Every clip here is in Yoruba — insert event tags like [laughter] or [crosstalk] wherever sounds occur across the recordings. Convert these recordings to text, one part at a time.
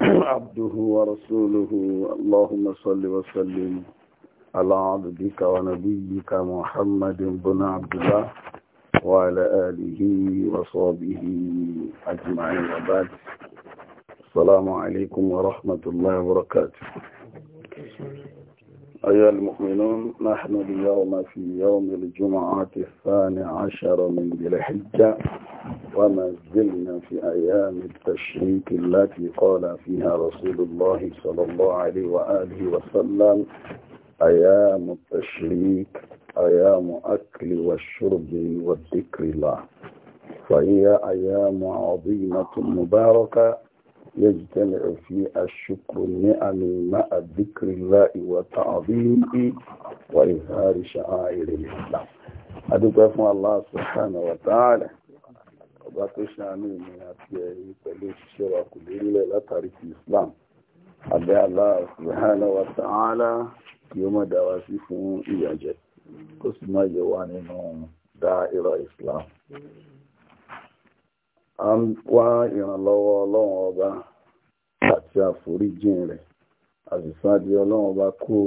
[coughs] عبده ورسوله اللهم صل وسلم على عبدك ونبيك محمد بن عبد الله وعلى آله وصحبه أجمعين وبعد السلام عليكم ورحمة الله وبركاته أيها المؤمنون نحن اليوم في يوم الجمعة الثاني عشر من ذي الحجة وما زلنا في أيام التشريك التي قال فيها رسول الله صلى الله عليه وآله وسلم أيام التشريك أيام أكل والشرب والذكر الله فهي أيام عظيمة مباركة يجتمع فيها الشكر النعم مع ذكر الله وتعظيمه وإظهار شعائر الإسلام أدعو الله سبحانه وتعالى ọba tó ṣàánú mi àti ẹ̀yin pẹ̀lú òṣìṣẹ́ wa kò Islam àbẹ́ Allah wa ta'ala kí ó má dá sí fún ìyàjẹ́ kó sì má yẹ wá nínú Islam. a ń wá ìrànlọ́wọ́ ọlọ́run ọba àti àforíjìn rẹ̀ àṣìṣàdé ọlọ́run ọba kú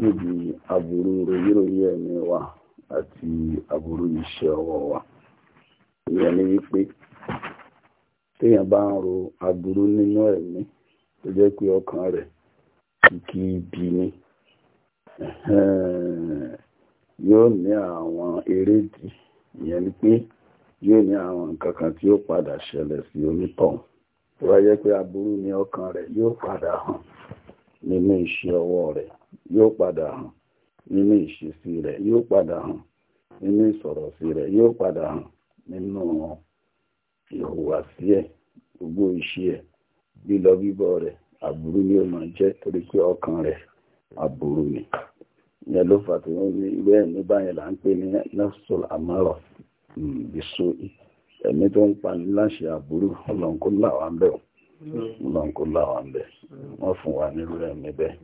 níbi aburú ròyìnròyìn ẹ̀mí wa àti aburú iṣẹ́ ọwọ́ wa. ìyẹn ni wípé téèyàn bá ń ro aburú nínú ẹ̀mí tó jẹ́ pé ọkàn rẹ̀ kìkì ibi ni yóò ní àwọn erédìí ìyẹn ni pé yóò ní àwọn nǹkan kan tí ó padà ṣẹlẹ̀ sí onítọ̀hún tó bá jẹ́ pé aburú ni ọkàn rẹ̀ yóò padà hàn nínú iṣẹ́ ọwọ́ rẹ̀ yóò padà hàn nínú ìṣesí rẹ̀ yóò padà hàn nínú ìsọ̀rọ̀sí rẹ̀ yóò padà hàn nínú ìhùwàsí ẹ̀ gbogbo ìṣe ẹ̀ lílọ bíbọ̀ rẹ̀ àbúrú ni ó máa jẹ́ torí pé ọkàn rẹ̀ àbúrú ni ìyẹn ló fà tí wọ́n ní ìwé ẹ̀mí báyẹn là ń pè ní nafsul amara hmm, bisu ẹ̀mí tó ń pa ní láṣẹ àbúrú ọlọ́nkó làwọn ń bẹ̀ ọlọ́nkó làwọn ń bẹ̀ wọ́n fún wa nírú ẹ̀mí bẹ́ẹ̀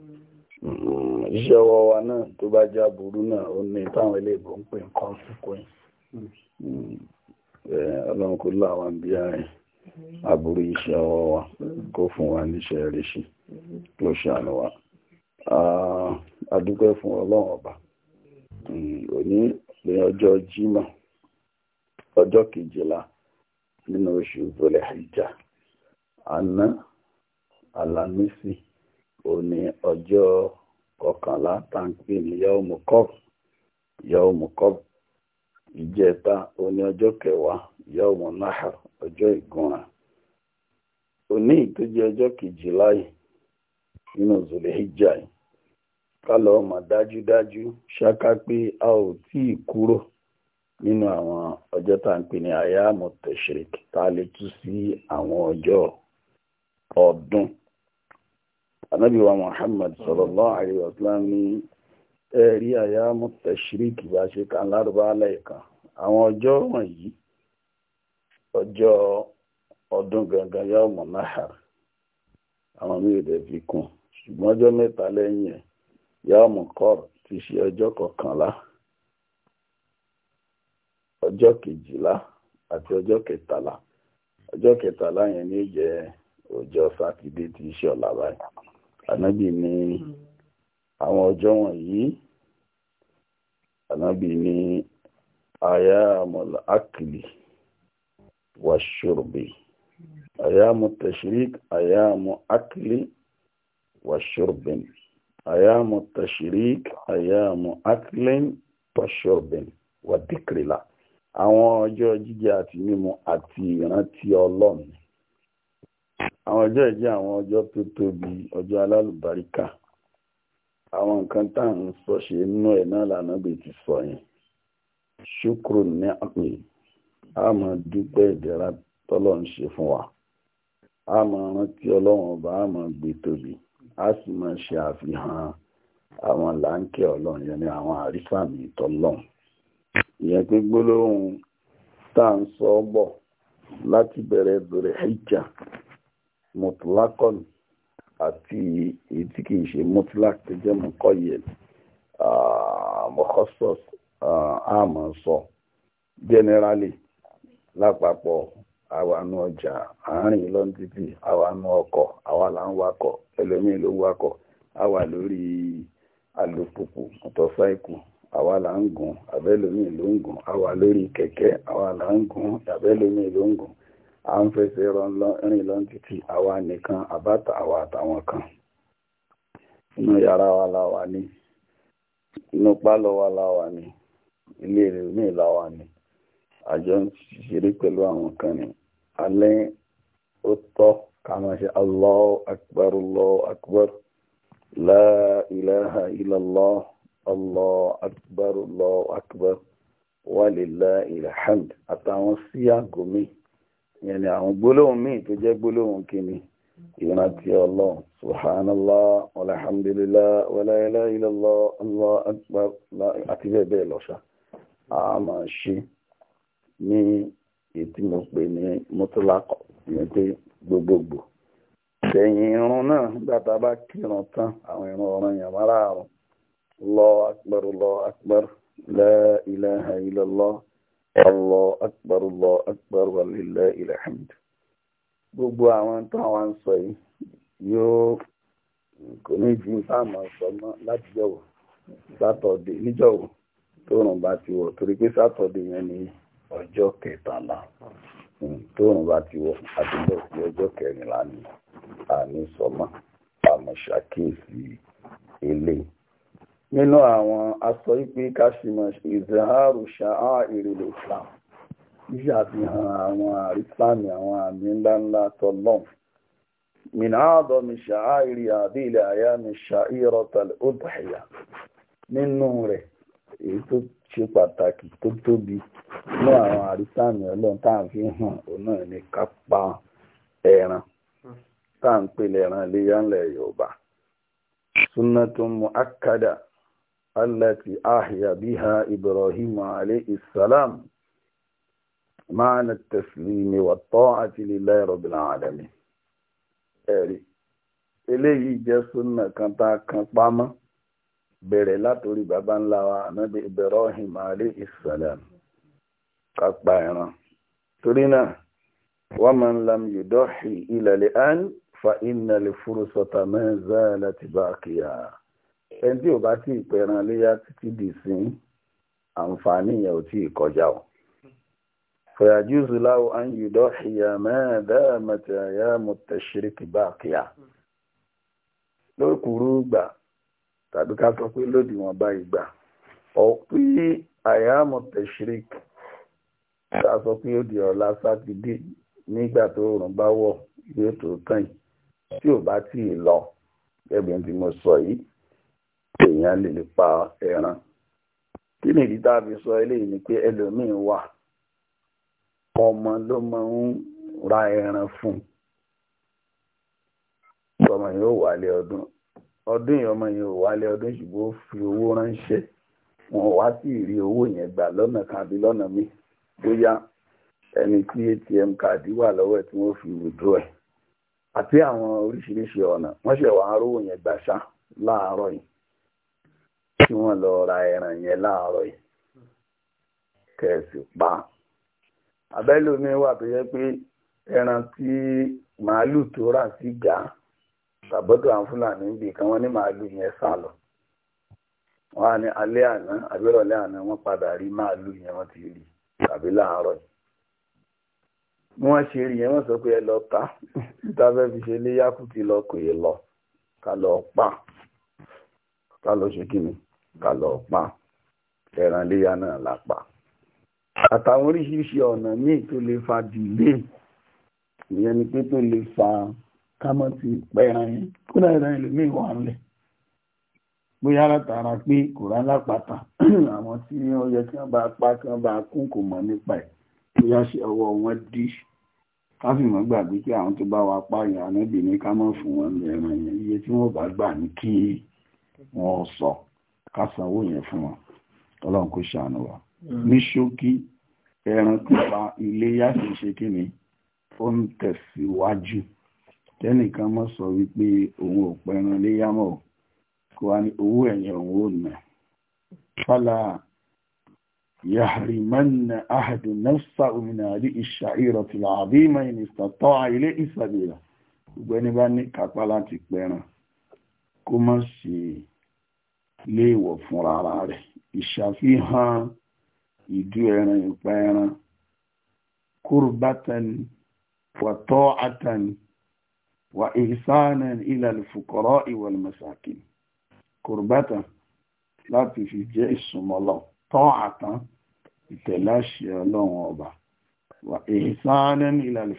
hmm, iṣẹ́ ọwọ́ wa náà tó bá jẹ́ àbúrú náà ó ní táwọn ilé ìbò ń pè ń consequence. Hmm, ọlọ́run kó láwọn bí i àbúrú iṣẹ́ ọwọ́ wa kó fún wa níṣẹ́ rẹ̀ ṣe ló ṣàánú wa fún ọlọ́run ọba òní ní ọjọ́ jímọ̀ ọjọ́ kejìlá nínú oṣù ìbọ̀lẹ̀ ìjà àná alámísì òní ọjọ́ kọkànlá tá ìjẹta onye ọjọ́ kẹwàá yawmu nahar ọjọ́ ìgúnra òní ìtójú ọjọ́ kejìlá yìí nínú zulhijja yìí kálọ̀ dájúdájú ṣáká pé a ò tí ì kúrò nínú àwọn ọjọ́ tá à ń pè ní ayamu tashrik tá a lè tú sí àwọn ọjọ́ ọdún anabiwa muhammad sallallahu alayhi wa sallam ní ẹ̀rí àyà mọ̀tẹ́síríkì bá ṣe kan lárúbáálẹ̀ kan àwọn ọjọ́ wọ̀nyí ọjọ́ ọdún gangan yóò mọ̀ náhàr àwọn míì rẹ̀ fi kún ṣùgbọ́n ọjọ́ mẹ́ta lẹ́yìn ẹ̀ yóò mọ̀ kọ́r ti ṣe ọjọ́ kọkànlá ọjọ́ kejìlá àti ọjọ́ kẹtàlá ọjọ́ kẹtàlá yẹn ní jẹ́ ọjọ́ sátidé tí ṣe ànábì ní. àwọn ọjọ́ wọ̀nyí anábì ní ayáàmọ̀lá akìlì wàṣọ́rọ̀bì ayáàmọ̀ tashrik ayáàmọ̀ akìlì wàṣọ́rọ̀bì ayáàmọ̀ tashrik ayáàmọ̀ akìlì wàṣọ́rọ̀bì wà dìkìrìlà àwọn ọjọ́ jíjẹ àti mímu àti ìrántí ọlọ́run àwọn ọjọ́ ìjẹ́ àwọn ọjọ́ tó tóbi ọjọ́ alálùbáríkà àwọn nǹkan tá à ń sọ ṣe inú náà lànà ti sọ yẹn ṣukuru ní a ma dúpẹ́ ìdẹ̀ra tọlọ ń ṣe fún wa a máa rántí ọlọ́run ọba a ma gbé tóbi a sì ma ṣe àfihàn àwọn làǹkẹ́ ọlọ́run yẹn ní àwọn àrísàmì ìtọ́lọ́run ìyẹn pé gbólóhùn tá à ń sọ láti àti èyí tí kìí ṣe mutlak tó jẹ́ muqayyad mukhassas àmọ́ sọ generally lápapọ̀ àwọnú ọjà àárín lọ́n títì àwọnú ọkọ̀ àwa là ń wakọ̀ ẹlòmíín ló wakọ̀ àwa lórí alùpùpù mọ́tọ́sáìkù àwa là ń gùn àbẹ́lòmíín ló ń gùn àwa lórí kẹ̀kẹ́ àwa là ń gùn ló ń gùn. à ń fẹsẹ̀ rìn lọ títí àwa nìkan àbáta àwa àtàwọn kan inú yàrá wa la wà ní inú pálọ̀ wa la wà ní ilé rẹ̀ ní ìlà wa ní àjọ ń ṣeré pẹ̀lú àwọn kan ní alẹ́ ó tọ́ ká máa ṣe Allahu Akbar Allahu Akbar la ilaha illallah Allahu Akbar Allahu Akbar wa lillahi alhamd àtàwọn sí mi yẹn ni àwọn gbólóhùn míì tó jẹ́ gbólóhùn kìíní ìrántí ọlọ́run subhanallah alhamdulillah wala ilaha illallah allah akbar àti bẹ́ẹ̀ bẹ́ẹ̀ lọ́ṣà a máa ṣe ní ètí mo pè ní mọ́tòlákọ̀ ìyẹn pé gbogbogbò sẹ́yìn irun náà nígbà tá a bá kírun tán àwọn irun ọ̀ràn yẹn márààrún allah akbar allah akbar la ilaha illallah. Allah akbar Allah akbar wa alhamd gbogbo àwọn tó àwọn ń sọ yìí yóò kò ní ju sáàmà sọ mọ́ láti jọ̀wọ́ ti wọ̀ tori pé sátọ̀dé yẹn ni ọjọ́ kẹtàlá hmm, tó ti wọ̀ àtijọ́ sí ọjọ́ kẹrìnlá ni nínú àwọn aṣọ ìpé kashimọ̀ ìzẹ̀hárù ṣáà ìrìnlẹ̀ islam ìṣàfihàn àwọn àrísàmì àwọn àmì ńláńlá tọ́lọ́m min àádọ́mi ṣáà ìrì àbí ilẹ̀ àyá mi ṣàírọ̀tàl òdàyà nínú rẹ̀ èyí tó ṣe pàtàkì tó tóbi ní àwọn àrísàmì ọlọ́run tá à ń fi hàn òun náà ní kápá ẹran tá à ń pè lẹ́ran léyà ńlẹ̀ yorùbá sunnatun التي أحيا بها إبراهيم عليه السلام معنى التسليم والطاعة لله رب العالمين ẹ̀rí eléyìí jẹ́ súnà kan tá a kan pamọ́ bẹ̀rẹ̀ látòrí baba ńlá wa ànábì Ibrahim alayhi salam ká pa ẹran torí náà wa man lam yudahi ila al-an fa inna al-fursata ma zalat baqiya ẹni tí ò bá tí ì pẹran léyà títí dì sí àǹfààní yẹn ò tí ì kọjá o. فيجوز له أن يضحي ما دامت أيام التشريك باقية lókùrú ìgbà tàbí ká sọ pé lódiwọ̀n bá ìgbà ọ̀pí àyàmọ̀ tẹ̀ṣírík ká sọ pé ó di ọ̀la sátidé nígbà tó rùn bá wọ̀ yóò tó tán yìí tí ò bá tí ì lọ gẹ́gẹ́ bí mo sọ yìí èèyàn lè lè pa ẹran kí ni ìdí tá fi sọ eléyìí ni pé ẹlòmíín wà ọmọ ló máa ń ra ẹran fún ọmọ yìí ó ọdún ọdún yìí ọmọ yìí ó ọdún ṣùgbọ́n ó fi owó ránṣẹ́ wọn wá sí ìrí owó yẹn gbà lọ́nà kan lọ́nà atm káàdì wà lọ́wọ́ ẹ̀ tí wọ́n fi ẹ̀ àti àwọn oríṣiríṣi ọ̀nà wọ́n ṣẹ̀ kí wọ́n lọ ra ẹran yẹn láàárọ̀ yìí kẹ̀sì pa abẹ́lómi wà tó pé ẹran tí màálù tó rà sí gà tàbọ́dọ̀ àwọn fúlàní ibì kan wọ́n ní màálù yẹn sá lọ wọ́n á ní alẹ́ àná àbírọ̀lẹ́ padà rí màálù yẹn ti sọ pe ta kàlọ́ pa ẹran léyà náà lápá àtàwọn oríṣiríṣi ọ̀nà míì tó lè fa dìlé ìyẹn ni pé tó lè fa kámọ́tì pẹ́ran yẹn kódà ẹran ẹlòmíì wà ńlẹ̀ bóyá látara pé kò rán lápáta [clears throat] àwọn tí ó yẹ kí wọ́n bá pa kí wọ́n bá kún kò mọ̀ nípa ẹ̀ bóyá ṣe ọwọ́ wọn dí káfíìmọ̀ gbàgbé kí àwọn tó bá wa pààyàn ànábì ní ká fún wọn lẹ́ran yẹn iye tí wọ́n bá gbà ní kí wọ́n sọ ká sanwó yẹn fún wọn ọlọ́run kò ṣàánú wa mm. ní ṣókí ẹran pípa iléyá sì ṣe kí ni ó ń tẹ̀síwájú tẹ́nìkan mọ́ sọ wípé òun ò pẹran léyá mọ́ kó wá ní owó ẹ̀yìn òun ò nà fálà yàrìmánà àhàdù nafsa òmìnàrí ìṣàìrọ̀ tìlà àbímọ̀ ìnìsàtọ́ ilé ìsàbílà gbogbo ẹni bá ní kápá láti pẹran kó má ṣe léèwọ̀ fúnra ara rẹ̀ ìṣàfihàn ìdú ẹran ìpa ẹran kurbatan wa ta'atan wa ihsanan ila al-fuqara'i wal-masakin kurbatan láti fi jẹ́ ìsúnmọ́lọ́ ta'atan ìtẹ̀láṣẹ ọlọ́run ọba wa ihsanan ila al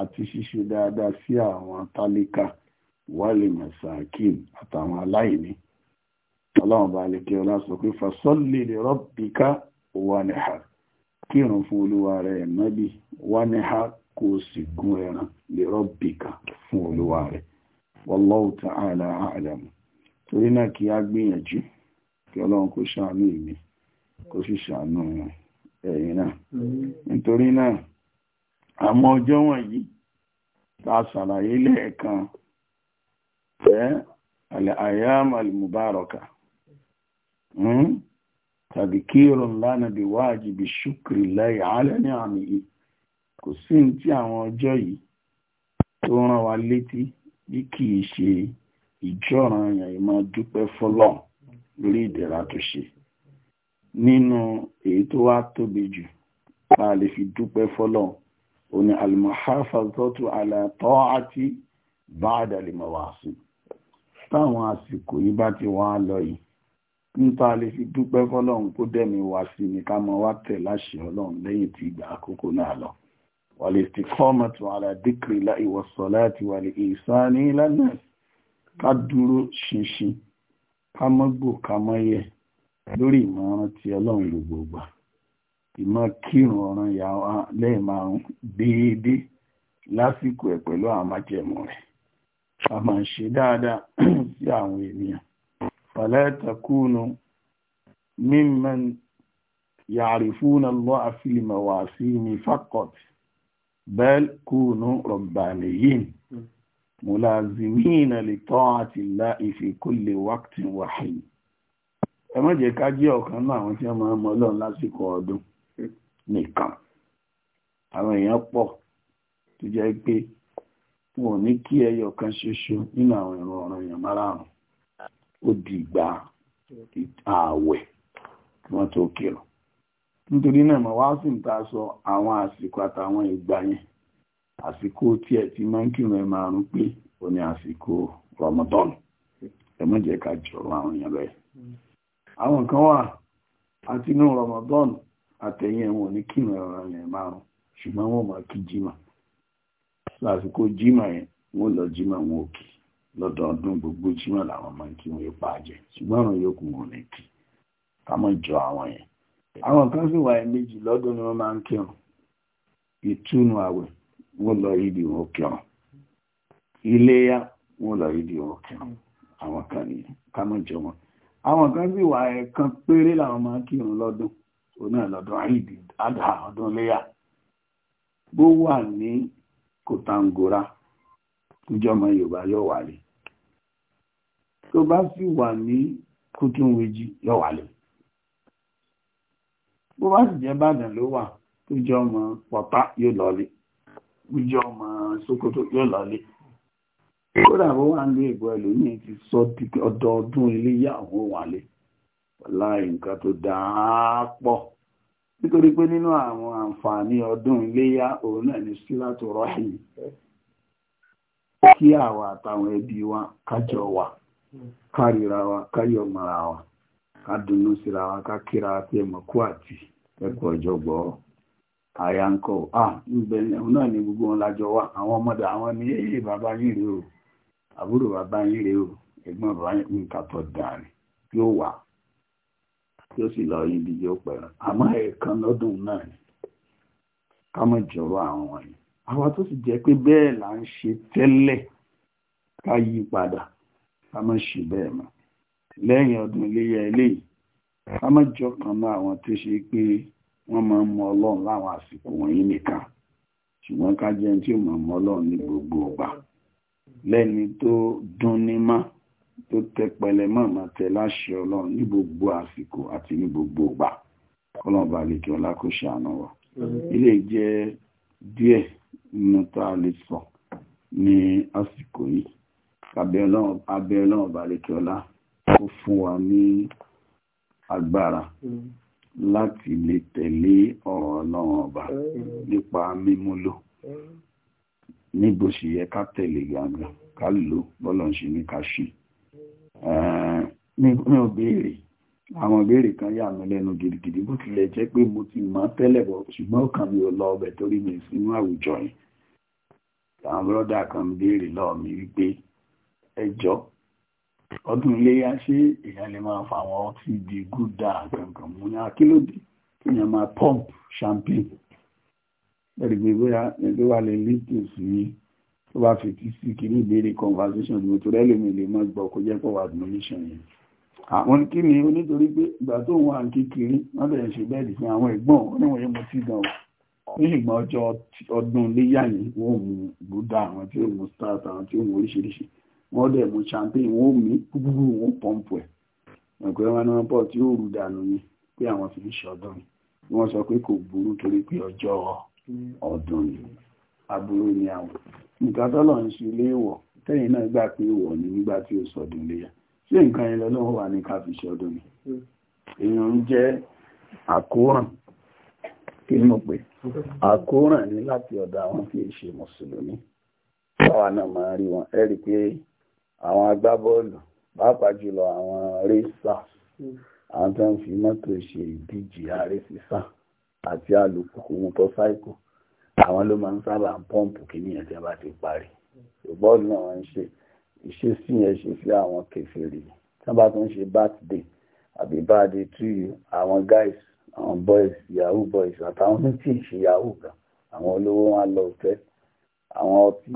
àti ṣíṣe dáadáa sí àwọn tálíkà wal-masakin àtàwọn aláìní ọlọ́run bá lè kí ọlá sọ pé fasọ́lì lè rọ́bìká wà níhà kírun fún olúwa rẹ̀ nábì wà níhà kó o sì gún ẹran lè rọ́bìká fún olúwa rẹ̀ wallahu ta'ala a'lam torí náà kí á gbìyànjú kí ọlọ́run kó ṣàánú ìmí kó sì ṣàánú ẹ̀yin náà nítorí náà àmọ́ ọjọ́ wọ̀nyí ta ṣàlàyé lẹ́ẹ̀kan ẹ̀ àyàm al-mubaraka tàbí kí irun lánà bí wáàjì bí ṣúkìrì lẹ́yìn alẹ́ ní àmì yìí kò sí ní tí àwọn ọjọ́ yìí tó rán wa létí bí kì í ṣe ìjọ́ràn yẹn ìmọ̀ dúpẹ́ fọlọ́ lórí ìdẹ̀ra tó ṣe nínú èyí tó wá tóbi jù bá a lè fi dúpẹ́ fọlọ́ òní almuhafazatu ala ta'ati ba'da limawasi táwọn àsìkò yìí bá ti wá lọ yìí níta lè fi dúpẹ́ fọ́lọ́run kó dẹ̀mí wá sí ni ká mọ wá tẹ̀ láṣẹ ọlọ́run lẹ́yìn tí ìgbà àkókò náà lọ wal-istiqamatu ala dhikrillahi was-salati wal-ihsani ilan-nas ká dúró ṣinṣin ká mọ́ gbò ká mọ́ yẹ lórí ìmọ̀ràn ti ọlọ́run gbogbo gbà ìmọ̀ kírun ọ̀ràn yà wá lẹ́ẹ̀márùn déédéé lásìkò ẹ̀ pẹ̀lú àwọn májẹ̀mú rẹ̀ ká máa ṣe dáadáa [clears throat] sí àwọn ènìyàn فلا تكونوا ممن يعرفون الله في المواسم فقط بل كونوا ربانيين ملازمين لطاعة الله في كل وقت وحين ẹ má jẹ́ ká jẹ́ ọ̀kan náà àwọn tí wọ́n máa mọ Ọlọ́run lásìkò ọdún nìkan àwọn èèyàn pọ̀ tó jẹ́ pé wọn ò ní kí ẹyọ kan ṣoṣo nínú àwọn ìran èèyàn márààrún ó di ìgbà ààwẹ̀ tó kírun nítorí náà wá sí sọ àwọn àsìkò àtàwọn ìgbà yẹn àsìkò tí ti máa ń kírun ẹ máa pé ó ní àsìkò Ramadan ẹ má jẹ́ ká jọrọ àwọn èèyàn bẹ́ẹ̀ àwọn kan wà àti Ramadan ní kírun yẹn máa kí jimá jimá yẹn lọ́dọọdún gbogbo jímọ̀ làwọn máa ń kí pa jẹ ṣùgbọ́n àwọn yòókù wọn ní àwọn yẹn. àwọn kan sì méjì lọ́dún ni wọ́n máa ń kírun ìtúnu àwẹ̀ wọ́n lọ ìdí wọn kírun iléyà wọ́n lọ ìdí wọn kírun àwọn àwọn kan sì péré làwọn máa ń kírun lọ́dún òun náà lọ́dún àìdí àdá ọdún léyà bó ìjọmọ yorùbá yóò wálé tó bá sì wà ní kútúnwéjì yóò wálé bó bá sì jẹ́ ìbàdàn ló wà tó jẹ́ ọmọ pọ̀pá yóò lọlé tó ọmọ sokoto yóò lọlé kódà bó wà ní ìbò ti sọ ọdọọdún nǹkan tó dáa nítorí pé nínú àwọn àǹfààní ọdún iléyà òun náà kí àwọn àtàwọn ẹbí wa kájọ wà wa káyọ̀ mara wa ká dunnú síra wa ká kíra pé mọ̀kú àti ẹ̀kọ́ ọjọ́ gbọ́ àyà ń kọ́ à níbẹ̀ náà ni gbogbo wọn lájọ wà àwọn ọmọdé àwọn ní èyí bàbá yín rèé o àbúrò bàbá o ẹ̀gbọ́n bàbá yín yóò wà yóò sì lọ yóò àmọ́ ẹ̀ẹ̀kan lọ́dún náà ká mọ̀ jọ̀rọ̀ àwọn àwa tó sì jẹ́ pé bẹ́ẹ̀ là ń ṣe tẹ́lẹ̀ ká yí padà ká má ṣe bẹ́ẹ̀ mọ́ lẹ́yìn ọdún iléyà eléyìí ká má jọ kan mọ́ àwọn tó ṣe pé wọ́n máa ń mọ ọlọ́run láwọn àsìkò wọ̀nyí nìkan ṣùgbọ́n ká jẹun tí ó máa mọ ọlọ́run ní gbogbo ọgbà lẹ́ni tó dún ní má tó tẹpẹlẹ mọ́ máa tẹ láṣẹ ọlọ́run ní gbogbo àsìkò àti ní gbogbo ọgbà kọ́lọ́ọ̀bà lè kí ọlá kó ṣàánú ilé jẹ́ díẹ̀ nínú tá a lè sọ ní àsìkò yìí abẹ́ ọlọ́run balẹ̀kẹ́ ọlá ó fún wa ní agbára láti lè tẹ̀lé ọ̀rọ̀ ọlọ́run ọba nípa mímúlò ní bó ṣe yẹ ká tẹ̀lé gbangba ká lò bọ́lọ̀ ń ṣe ní ká ṣe ní òbéèrè àwọn ìbéèrè kan yà mí lẹ́nu gidigidi bó tilẹ̀ jẹ́ pé mo ti mọ̀ tẹ́lẹ̀ bọ̀ ṣùgbọ́n ọkàn mi ò lọ ọbẹ̀ torí mi sínú àwùjọ yìí àwọn bọ́dà kan béèrè lọ́ọ̀ mi wípé ẹjọ́ ọdún iléyá ṣé èèyàn lè máa fa àwọn ọtí di gúdà kankan mú ní akílódé kí èèyàn máa pump champagne lórí pé bóyá ẹgbẹ́ wà lè lípò sí tó bá fi tí sí kí ní ìbéèrè conversation ìgbòtò rẹ́lòmí lè mọ́ gbọ́ kó jẹ́ pọ̀ wà admission yẹn àwọn kí ni onítorí pé ìgbà tó wà ń kékeré wọ́n bẹ̀rẹ̀ ṣe bẹ́ẹ̀dì fún àwọn ẹ̀gbọ́n oníwọ̀n yẹn mo ti gan o ní ṣùgbọ́n ọjọ́ ọdún léyà yìí wọ́n mú gúdà àwọn tí ó mú stars àwọn tí ó mú oríṣiríṣi wọ́n dẹ̀ mú champagne wọ́n mí gbúgbúrú wọ́n pọ́ǹpù ẹ̀ ẹ̀kọ́ ẹ̀wọ̀n náà pọ̀ tí ó rù dànù ni pé àwọn fi ń ṣe ọdún ni wọ́n sọ pé kò burú torí pé ọjọ́ ọdún ni aburú ni àwọn nǹkan tọ́lọ̀ ń ṣe léèwọ̀ tẹ́yìn náà gbà pé wọ̀ ni nígbà tí ó sọdún léyà sí nǹkan yẹn lọ́lọ́wọ́ wà ní ká fi ṣe ọdún mi èèyàn ń jẹ́ àkóràn kí ni mo pè àkóràn ní láti ọ̀dọ̀ àwọn tí èṣe mùsùlùmí báwa náà máa rí wọn ẹ rí i pé àwọn agbábọ́ọ̀lù pàápàá jùlọ àwọn rẹ́sà àwọn tó ń fi mọ́tò ṣe ìdíje ààrẹ sísá àti alùpùpù mọ́tọ́sáìkù àwọn ló máa ń sábà pọ́ǹpù kí nìyẹn tí bá ti parí bọ́ọ̀lù náà wọ́n ń ṣe ìṣesí yẹn ṣe sí àwọn kèfèrí tí wọ́n bá tún ṣe birthday àbí birthday to you àwọn guys àwọn boys yahoo boys àtàwọn tó ti ṣe yahoo gan àwọn olówó wọn lọ fẹ́ àwọn ọtí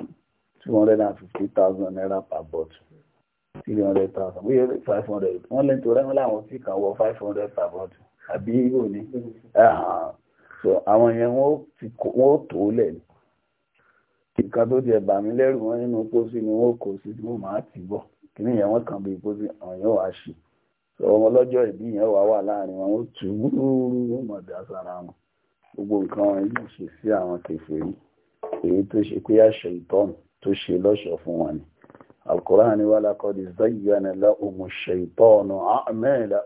two hundred and fifty thousand naira per bottle three hundred thousand wíyẹ five hundred wọ́n lè tó rẹ́wọ́n láwọn tí kan wọ five hundred per bottle àbí ìwò ni [laughs] ah, so àwọn yẹn wọ́n ó tó lẹ̀ ni ìka tó ti ẹ̀bà mi lẹ́rù wọn nínú pósí ni wọn kò sí tí wọn máa tì bọ̀ kíní yẹn wọn kàn bí pósí àwọn yóò wá ṣe ọmọ ọlọ́jọ́ ìbí yẹn wà wà láàrin wọn ó tù wúrúwúrú wọn mọ̀ dá sára wọn gbogbo nǹkan wọn yìí ṣe sí àwọn kèfèrí èyí tó ṣe pé àṣẹ ìtọ́nù tó ṣe lọ́ṣọ̀ fún wọn ni alkùránì wà lákọ̀ọ́dì zayyana láhùn ṣe ìtọ́nù àmẹ́ẹ̀lá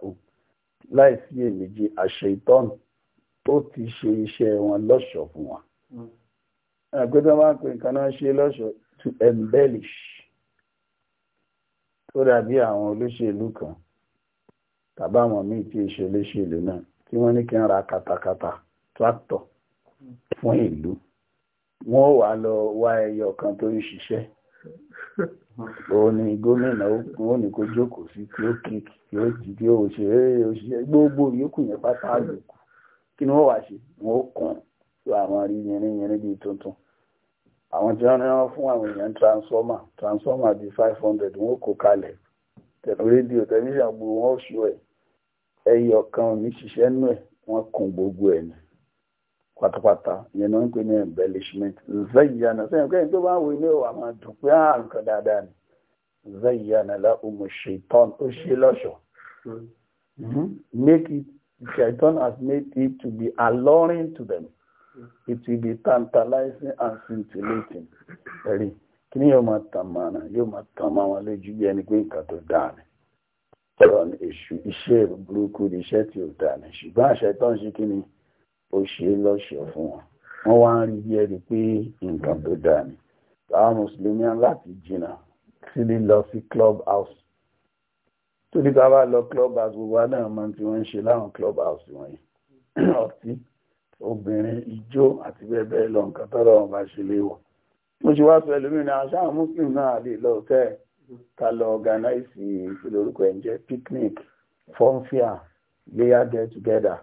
láìsí èméjì àṣẹ ìtọ́nù tó ti ṣe iṣẹ́ wọn lọ́ṣọ̀ fún wọn hmm àgbẹ́tọ́ máa ń pè nǹkan náà ṣe lọ́ṣọ̀ọ́ to embellish tó dàbí àwọn olóṣèlú kan tàbí àwọn míì tí ìṣe olóṣèlú náà tí wọ́n ní kí n ra katakata tractor fún ìlú wọ́n wà lọ wá ẹyọ kan tó ń ṣiṣẹ́ òun ni gómìnà òun ni kò jókòó sí tí ó kí tí ó jì tí ó ṣe é òṣìṣẹ́ gbogbo yòókù yẹn pátá àlòkù kí ni wọ́n wá ṣe wọ́n kàn án tó àwọn rí yẹnrin yẹnrin bíi tuntun àwọn tí wọ́n rán fún àwọn èèyàn transformer transformer bíi five hundred wọ́n kó kalẹ̀ rédíò tẹlifíṣàn gbogbo wọn ṣù ẹ̀ ẹyọ kan ò ní ṣiṣẹ́ nù ẹ̀ wọ́n kún gbogbo ẹ̀ ni pátápátá yẹn náà ń pè ní embellishment zayyana sẹ́yìn kẹ́yìn tó bá wo ilé wa máa dùn pé àrùn ah, kan dáadáa ni zayyana lahumu shaitan ó ṣe lọ́ṣọ̀ọ́ hmm. Hmm. make it shaitan has made it to be alluring to them it will be tantalizing and scintillating ẹ̀rí kí ni yóò máa tàn máa náà yóò máa tàn máa wọn lójú bí ẹni pé nǹkan tó dáa ni ọ̀rọ̀ ni èṣù iṣẹ́ burúkú ni iṣẹ́ tí ò dáa ni ṣùgbọ́n àṣẹ tó ń ṣe kí ni ó ṣe é lọ́ṣọ̀ọ́ fún wọn wọ́n wá ń rí bí ẹni pé nǹkan tó dáa ni àwọn mùsùlùmí láti jìnnà sí lílọ sí club house torí ká bá lọ club house gbogbo wa náà mọ tí wọ́n ń ṣe láwọn club house wọ̀nyí ọtí obìnrin ijó àti bẹ́ẹ̀ bẹ́ẹ̀ lọ nǹkan tọ́rọ wọn bá ṣe léwọ̀ mo ṣe wá sọ ẹlòmíràn aṣáà muslim náà lè lọ tẹ́ ká lọ ọ̀gánáìsì ìpìlẹ̀ orúkọ ẹ̀ ń jẹ́ picnic fọ́nfíà léyà get together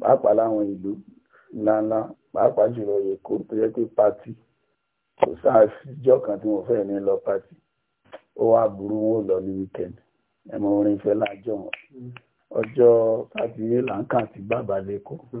pàápàá láwọn ìlú ńláńlá pàápàá jùlọ èkó tó yẹ pé pati kò sáà síjọ́ kan tí mo fẹ́ ní lọ pati ó wá burú wọn lọ ní weekend ẹ mọ orin ìfẹ́ lájọ wọn mm. ọjọ́ sátidé là ń kà sí bàbá lẹ́kọ̀ọ́.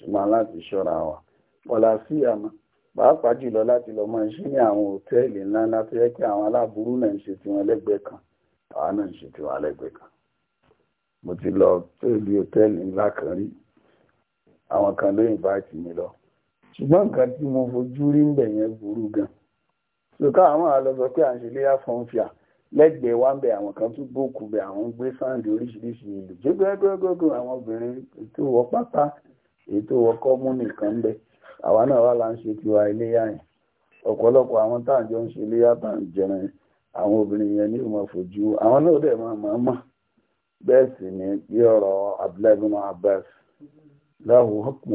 ṣùgbọ́n láti ṣọ́ra wa bọ́lá sí àmọ́ pàápàá jùlọ láti lọ mọ iṣẹ́ ní àwọn òtẹ́ẹ̀lì ńlá ńlá tó yẹ kí àwọn aláburú náà ń ṣe tiwọn lẹ́gbẹ̀ẹ́ kan àwa náà ń ṣe tiwọn lẹ́gbẹ̀ẹ́ kan mo ti lọ tóbi òtẹ́ẹ̀lì ńlá kan rí àwọn kan ló invite mi lọ ṣùgbọ́n nǹkan tí mo fojú rí ń bẹ̀ yẹn burú gan ṣùkọ́ àwọn àlọ́sọ pé à ń ṣe léyà fọ́nfìà lẹ́gbẹ̀ẹ́ wa ń bẹ àwọn kan tún gbókù bẹ àwọn gbé sáǹdì oríṣiríṣi ìlú gbégbégbégbé àwọn obìnrin tó wọ pátá ètò ọkọ mú nìkan ń bẹ àwa náà wà là ń ṣe tiwa iléyà yẹn ọ̀pọ̀lọpọ̀ àwọn tá à ń jọ ń ṣe iléyà tá à ń jẹran yẹn àwọn obìnrin yẹn ní ìmọ̀ fojú àwọn náà dẹ̀ máa máa mọ̀ bẹ́ẹ̀ sì ni bí ọ̀rọ̀ Abdullahi bin Abbas lahu hukmu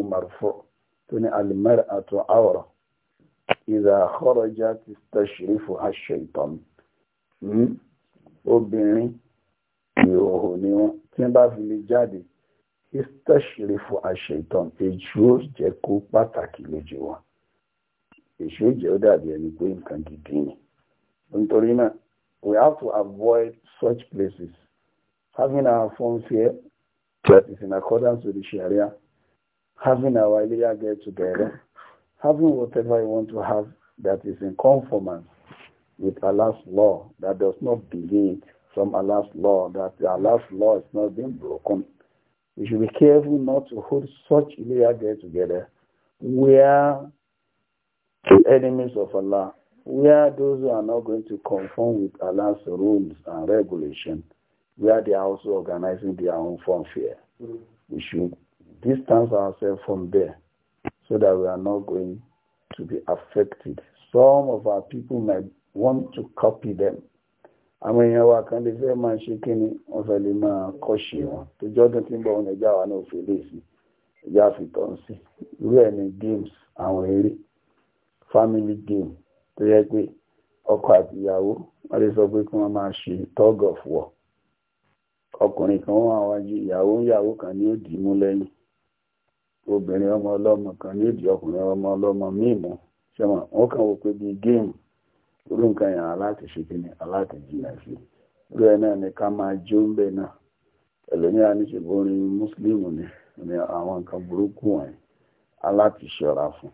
tó ní al-mar'atu awra idha kharajat istashrifu ash-shaytan hmm? obìnrin ìhòhò ni wọn tí wọn bá fi lè jáde istashrifu aṣeitan èṣù jẹ́ kó pàtàkì lójú èṣù jẹ́ ó dàbí ẹni pé nǹkan gidi ni nítorí náà we have to avoid such places having our phones here that is in accordance with the sharia having our area get together having whatever you want to have that is in conformance with Allah's law that does not deviate from Allah's law that Allah's law is not being broken we should be careful not to hold such illegal get together where the enemies of Allah, where those who are not going to conform with Allah's rules and regulation, where they are also organizing their own form funfair. Mm. We should distance ourselves from there so that we are not going to be affected. Some of our people might want to copy them àwọn èèyàn wa kan lè fẹ́ máa ṣe kí ni wọ́n fẹ́ lè máa kọ́ṣe wọn tó jọ́dún tí ń bọ̀ wọn ẹ̀já wa náà fi lè sí ẹ̀já fi ń sí irú ẹ̀ ní games àwọn eré family game tó yẹ pé ọkọ àti ìyàwó wọ́n lè sọ pé kí wọ́n máa ṣe tug of war ọkùnrin kan wọ́n àwọn ju ìyàwó ìyàwó kan ní òdì mú lẹ́yìn obìnrin ọmọ ọlọ́mọ kan ní òdì ọkùnrin ọmọ ọlọ́mọ míì mú ṣé wọn kàn wò pé bíi géèmù turu nka ya la tute se ruo ya naa ni ka maa jo mbena eleonora n'isebu ori ne ni n'awọn nka buru kpoo wọn ala tute shọra fuu.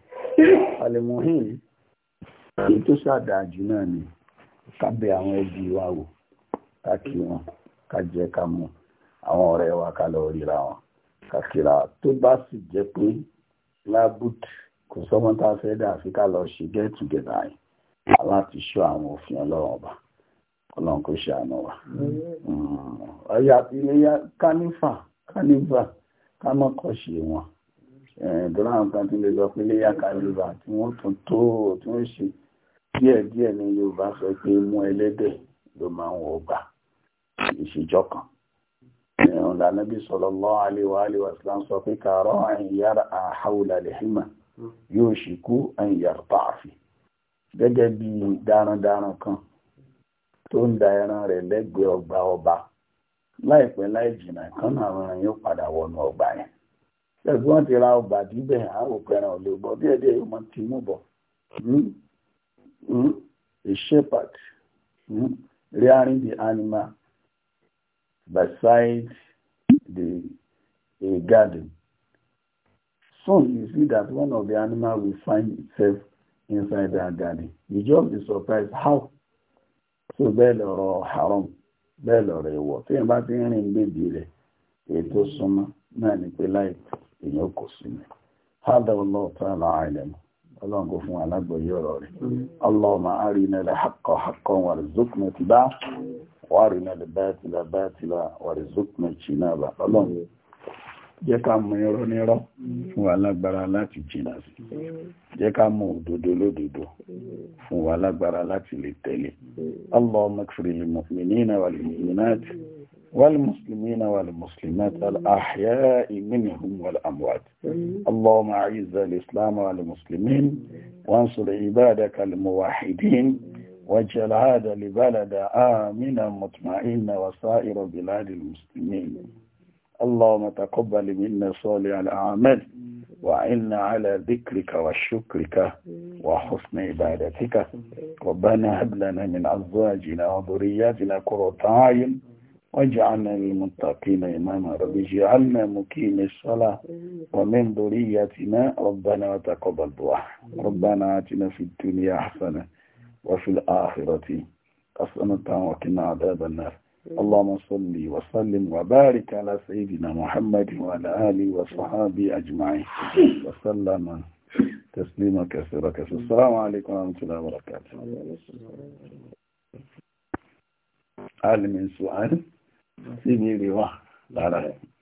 alimuhim ihe ntụsọdajụ naa ni ka be awọn ebi iwa wu ka kii nwọn ka je ka mu awọn ọrịa ịwakalo ọhira awọn kakịra to baa si je pe laboogi kọsọmọtafeeda afirika lọ si get-togeta e. láti ṣọ́ àwọn òfin ọlọ́run ọba ọlọ́run kò ṣe àánú wa. ọ̀yà iléyà kánífà kánífà kámọ́kọ̀ ṣe wọn ìdúrà nǹkan tí lè sọ pé iléyà kánífà tí wọ́n tún tó tí wọ́n ṣe díẹ̀ ní Yorùbá sọ pé mú ẹlẹ́dẹ̀ ló máa ń sọ pé yóò ṣìkú gẹ́gẹ́ bí darandaran kan tó ń da ẹran rẹ̀ lẹ́gbẹ̀ẹ́ ọgbà ọba láìpẹ́ láì jìnnà kan náà ẹran yóò padà wọnú ọgbà yẹn ṣẹ́gun wọn ti ra ọgbà bíbẹ̀ àwọn òpẹran ò lè bọ́ díẹ̀ díẹ̀ yóò mọ ti mú bọ̀ hmm? Hmm? a shepherd hmm? rearing the animal beside the a garden soon you see that one of the animal will find itself inside their garden. You just be surprised how. So bẹ́ẹ̀ lọ̀rọ̀ haram bẹ́ẹ̀ lọ̀rọ̀ ìwọ̀ tí èèyàn bá ti rìn bèbí rẹ̀ ètò súnmọ́ náà ni pé láì èèyàn kò sínú. هذا والله تعالى أعلم اللهم كفوا على بيوري اللهم أرنا الحق حقا وارزقنا اتباعه وأرنا الباطل باطلا وارزقنا اجتنابه اللهم jẹ́ ká mú irọ́ nírọ́ fún wa lágbára láti jìnà sí jẹ́ ká mú òdodo lódodo fún wa lágbára láti lè tẹ̀lé allahumma ighfir lil mu'minina wal mu'minat والمسلمين والمسلمات الأحياء منهم والأموات اللهم أعز الإسلام والمسلمين وانصر عبادك الموحدين واجعل هذا لبلد آمنا مطمئنا وسائر بلاد المسلمين اللهم تقبل منا صالح الأعمال وعنا على ذكرك وشكرك وحسن عبادتك ربنا هب لنا من أزواجنا وذرياتنا قرة عين واجعلنا للمتقين إماما رب اجعلنا مقيم الصلاة ومن ذريتنا ربنا وتقبل دعاء ربنا آتنا في الدنيا حسنة وفي الآخرة حسنة وقنا عذاب النار اللهم صل وسلم وبارك على سيدنا محمد وعلى آله وصحبه أجمعين وسلم تسليما كثيرا السلام عليكم ورحمة الله وبركاته هل من سؤال سيدي لي لا